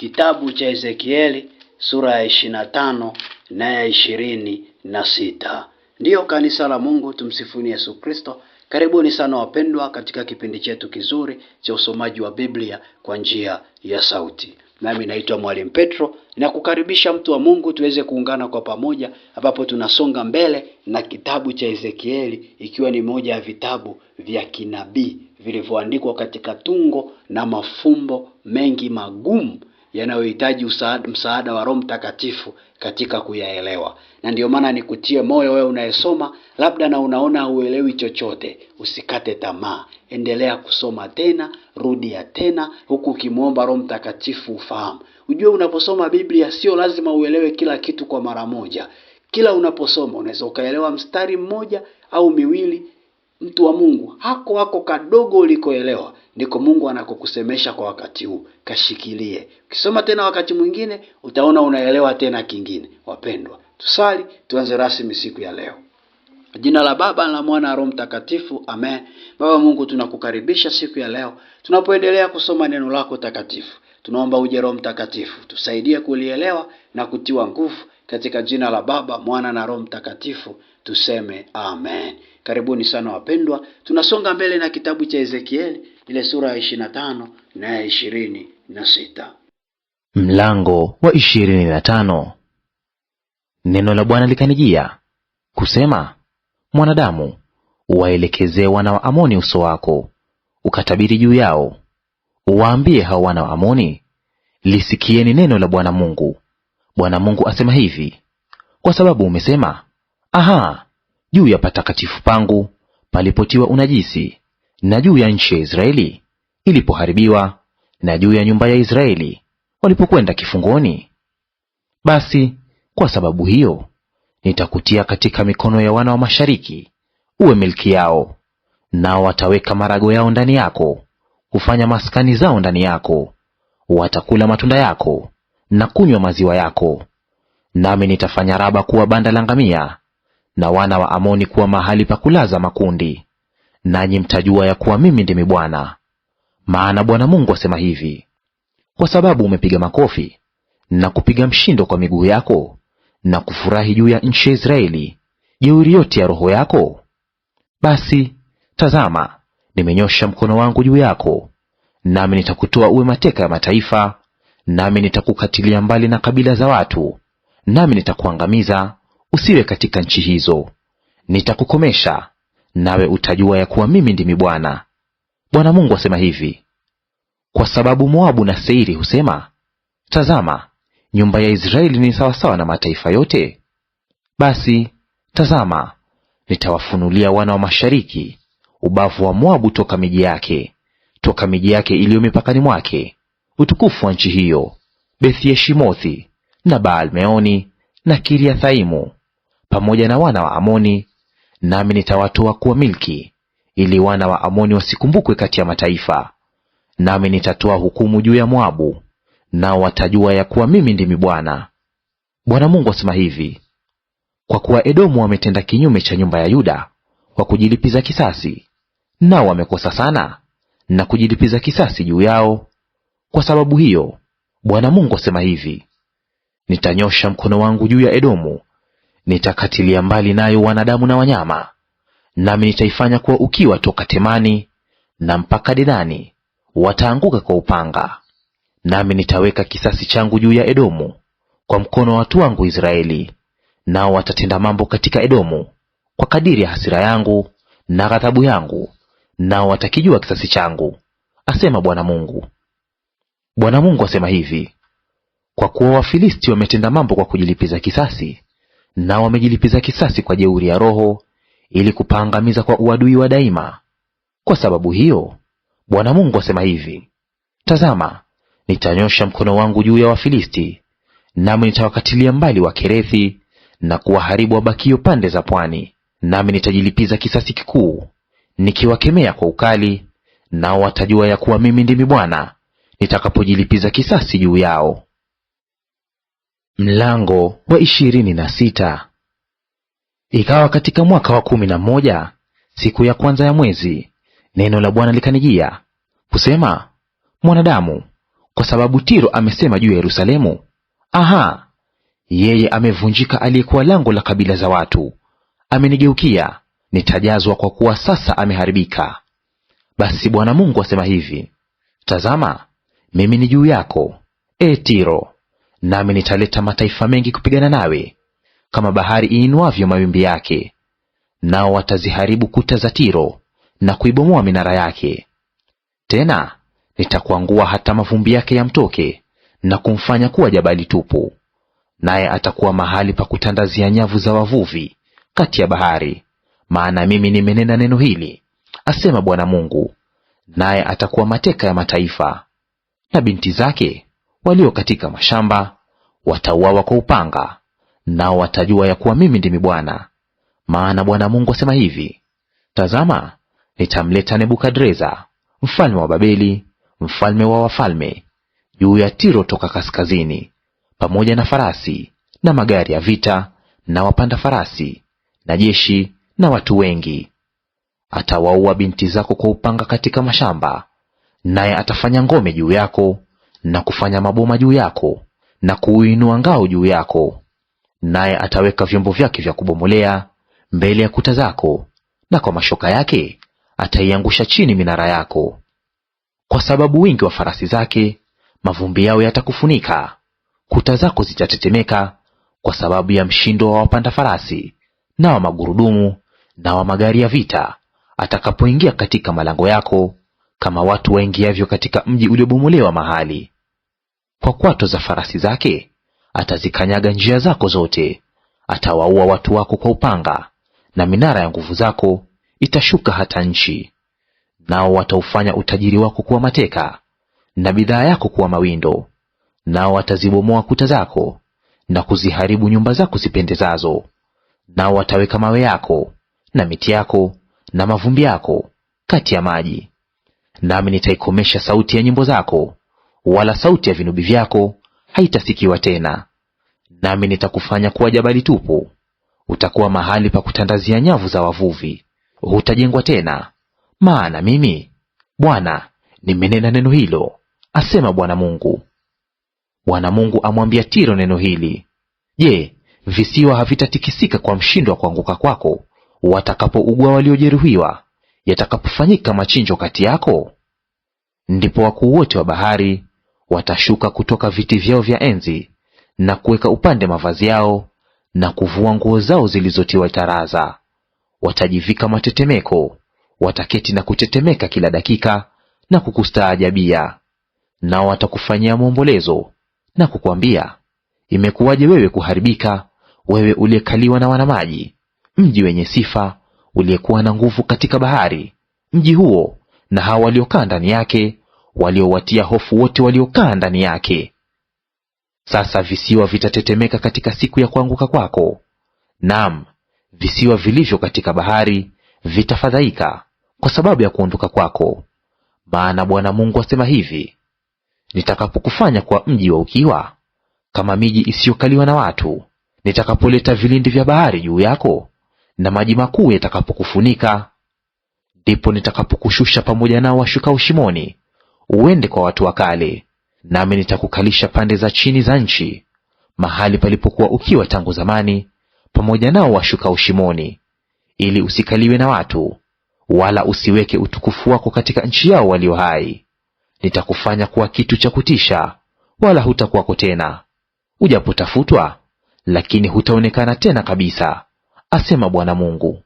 Kitabu cha Ezekieli sura ya ishirini na tano na ya ishirini na sita. Ndiyo kanisa la Mungu, tumsifuni Yesu Kristo. Karibuni sana wapendwa, katika kipindi chetu kizuri cha usomaji wa Biblia kwa njia ya sauti. Nami naitwa Mwalimu Petro na kukaribisha mtu wa Mungu tuweze kuungana kwa pamoja, ambapo tunasonga mbele na kitabu cha Ezekieli, ikiwa ni moja ya vitabu vya kinabii vilivyoandikwa katika tungo na mafumbo mengi magumu yanayohitaji msaada wa Roho Mtakatifu katika kuyaelewa. Na ndio maana nikutie moyo wewe unayesoma labda na unaona huelewi chochote, usikate tamaa, endelea kusoma tena, rudia tena, huku ukimwomba Roho Mtakatifu ufahamu. Ujue unaposoma Biblia sio lazima uelewe kila kitu kwa mara moja. Kila unaposoma unaweza ukaelewa mstari mmoja au miwili mtu wa Mungu, hako hako kadogo ulikoelewa ndiko Mungu anakokusemesha kwa wakati huu, kashikilie. Ukisoma tena wakati mwingine utaona unaelewa tena kingine. Wapendwa, tusali tuanze rasmi siku ya leo. Jina la Baba na Mwana na Roho Mtakatifu, amen. Baba Mungu, tunakukaribisha siku ya leo tunapoendelea kusoma neno lako takatifu. Tunaomba uje Roho Mtakatifu, tusaidie kulielewa na kutiwa nguvu, katika jina la Baba, Mwana na Roho Mtakatifu tuseme amen. Karibuni sana wapendwa, tunasonga mbele na kitabu cha Ezekieli ile sura ya 25 na ya 26. na Mlango wa 25. Neno la Bwana likanijia kusema, mwanadamu, uwaelekezee wana wa Amoni uso wako, ukatabiri juu yao, uwaambie hao wana wa Amoni, lisikieni neno la Bwana Mungu. Bwana Mungu asema hivi, kwa sababu umesema, aha, juu ya patakatifu pangu palipotiwa unajisi, na juu ya nchi ya Israeli ilipoharibiwa, na juu ya nyumba ya Israeli walipokwenda kifungoni. Basi kwa sababu hiyo nitakutia katika mikono ya wana wa mashariki, uwe milki yao, nao wataweka marago yao ndani yako, kufanya maskani zao ndani yako; watakula matunda yako na kunywa maziwa yako. Nami nitafanya Raba kuwa banda la ngamia na wana wa Amoni kuwa mahali pa kulaza makundi, nanyi mtajua ya kuwa mimi ndimi Bwana. Maana Bwana Mungu asema hivi: kwa sababu umepiga makofi na kupiga mshindo kwa miguu yako na kufurahi juu ya nchi ya Israeli jeuri yote ya roho yako, basi tazama, nimenyosha mkono wangu juu yako, nami nitakutoa uwe mateka ya mataifa, nami nitakukatilia mbali na kabila za watu, nami nitakuangamiza usiwe katika nchi hizo. Nitakukomesha, nawe utajua ya kuwa mimi ndimi Bwana. Bwana Mungu asema hivi: kwa sababu Moabu na Seiri husema, tazama, nyumba ya Israeli ni sawasawa na mataifa yote, basi tazama, nitawafunulia wana wa mashariki ubavu wa Moabu toka miji yake, toka miji yake iliyo mipakani mwake, utukufu wa nchi hiyo, Beth-Yeshimothi na Baal-Meoni na Kiriathaimu pamoja na wana wa Amoni, nami nitawatoa kuwa milki, ili wana wa Amoni wasikumbukwe kati ya mataifa. Nami nitatoa hukumu juu ya Moabu, nao watajua ya kuwa mimi ndimi Bwana. Bwana Mungu asema hivi: kwa kuwa Edomu wametenda kinyume cha nyumba ya Yuda kwa kujilipiza kisasi, nao wamekosa sana na kujilipiza kisasi juu yao, kwa sababu hiyo Bwana Mungu asema hivi: nitanyosha mkono wangu juu ya Edomu nitakatilia mbali nayo wanadamu na wanyama, nami nitaifanya kuwa ukiwa toka Temani na mpaka Dedani, wataanguka kwa upanga. Nami nitaweka kisasi changu juu ya Edomu kwa mkono wa watu wangu Israeli, nao watatenda mambo katika Edomu kwa kadiri ya hasira yangu na ghadhabu yangu, nao watakijua kisasi changu, asema Bwana Mungu. Bwana Mungu asema hivi: kwa kuwa Wafilisti wametenda mambo kwa kujilipiza kisasi, nao wamejilipiza kisasi kwa jeuri ya roho, ili kupaangamiza kwa uadui wa daima. Kwa sababu hiyo Bwana Mungu asema hivi: Tazama, nitanyosha mkono wangu juu ya Wafilisti, nami nitawakatilia mbali Wakerethi na kuwaharibu wabakio pande za pwani, nami nitajilipiza kisasi kikuu nikiwakemea kwa ukali, nao watajua ya kuwa mimi ndimi Bwana nitakapojilipiza kisasi juu yao. Mlango wa ishirini na sita. Ikawa katika mwaka wa kumi na moja siku ya kwanza ya mwezi, neno la Bwana likanijia kusema, mwanadamu, kwa sababu Tiro amesema juu ya Yerusalemu, aha, yeye amevunjika aliyekuwa lango la kabila za watu, amenigeukia, nitajazwa kwa kuwa sasa ameharibika. Basi Bwana Mungu asema hivi, tazama, mimi ni juu yako, e Tiro, nami nitaleta mataifa mengi kupigana nawe, kama bahari iinuavyo mawimbi yake. Nao wataziharibu kuta za Tiro na kuibomoa minara yake. Tena nitakuangua hata mavumbi yake yamtoke na kumfanya kuwa jabali tupu, naye atakuwa mahali pa kutandazia nyavu za wavuvi kati ya bahari. Maana mimi nimenena neno hili, asema Bwana Mungu, naye atakuwa mateka ya mataifa. Na binti zake walio katika mashamba watauawa kwa upanga, nao watajua ya kuwa mimi ndimi Bwana. Maana Bwana Mungu asema hivi, tazama, nitamleta Nebukadreza mfalme wa Babeli, mfalme wa wafalme, juu ya Tiro toka kaskazini, pamoja na farasi na magari ya vita na wapanda farasi na jeshi na watu wengi. Atawaua binti zako kwa upanga katika mashamba, naye atafanya ngome juu yako na kufanya maboma juu yako na kuuinua ngao juu yako. Naye ataweka vyombo vyake vya kubomolea mbele ya kuta zako, na kwa mashoka yake ataiangusha chini minara yako. Kwa sababu wingi wa farasi zake, mavumbi yao yatakufunika; kuta zako zitatetemeka kwa sababu ya mshindo wa wapanda farasi na wa magurudumu na wa magari ya vita, atakapoingia katika malango yako kama watu waingiavyo katika mji uliobomolewa mahali. Kwa kwato za farasi zake atazikanyaga njia zako zote, atawaua watu wako kwa upanga, na minara ya nguvu zako itashuka hata nchi. Nao wataufanya utajiri wako kuwa mateka, na bidhaa yako kuwa mawindo. Nao watazibomoa kuta zako na kuziharibu nyumba zako zipendezazo. Nao wataweka mawe yako na miti yako na mavumbi yako kati ya maji, nami nitaikomesha sauti ya nyimbo zako, wala sauti ya vinubi vyako haitasikiwa tena. Nami nitakufanya kuwa jabali tupu, utakuwa mahali pa kutandazia nyavu za wavuvi, hutajengwa tena. Maana mimi Bwana nimenena neno hilo, asema Bwana Mungu. Bwana Mungu amwambia Tiro neno hili, Je, visiwa havitatikisika kwa mshindo wa kuanguka kwako watakapougua waliojeruhiwa yatakapofanyika machinjo kati yako, ndipo wakuu wote wa bahari watashuka kutoka viti vyao vya enzi na kuweka upande mavazi yao na kuvua nguo zao zilizotiwa taraza. Watajivika matetemeko, wataketi na kutetemeka kila dakika na kukustaajabia. Nao watakufanyia maombolezo na kukwambia, imekuwaje wewe kuharibika, wewe uliyekaliwa na wanamaji, mji wenye sifa uliyekuwa na nguvu katika bahari, mji huo na hao waliokaa ndani yake, waliowatia hofu wote waliokaa ndani yake. Sasa visiwa vitatetemeka katika siku ya kuanguka kwako, naam, visiwa vilivyo katika bahari vitafadhaika kwa sababu ya kuondoka kwako. Maana Bwana Mungu asema hivi, nitakapokufanya kwa mji wa ukiwa, kama miji isiyokaliwa na watu, nitakapoleta vilindi vya bahari juu yako na maji makuu yatakapokufunika, ndipo nitakapokushusha pamoja nao washukao shimoni, uende kwa watu wa kale, nami nitakukalisha pande za chini za nchi, mahali palipokuwa ukiwa tangu zamani, pamoja nao washukao shimoni, ili usikaliwe na watu, wala usiweke utukufu wako katika nchi yao walio hai. Nitakufanya kuwa kitu cha kutisha, wala hutakuwako tena; ujapotafutwa, lakini hutaonekana tena kabisa asema Bwana Mungu.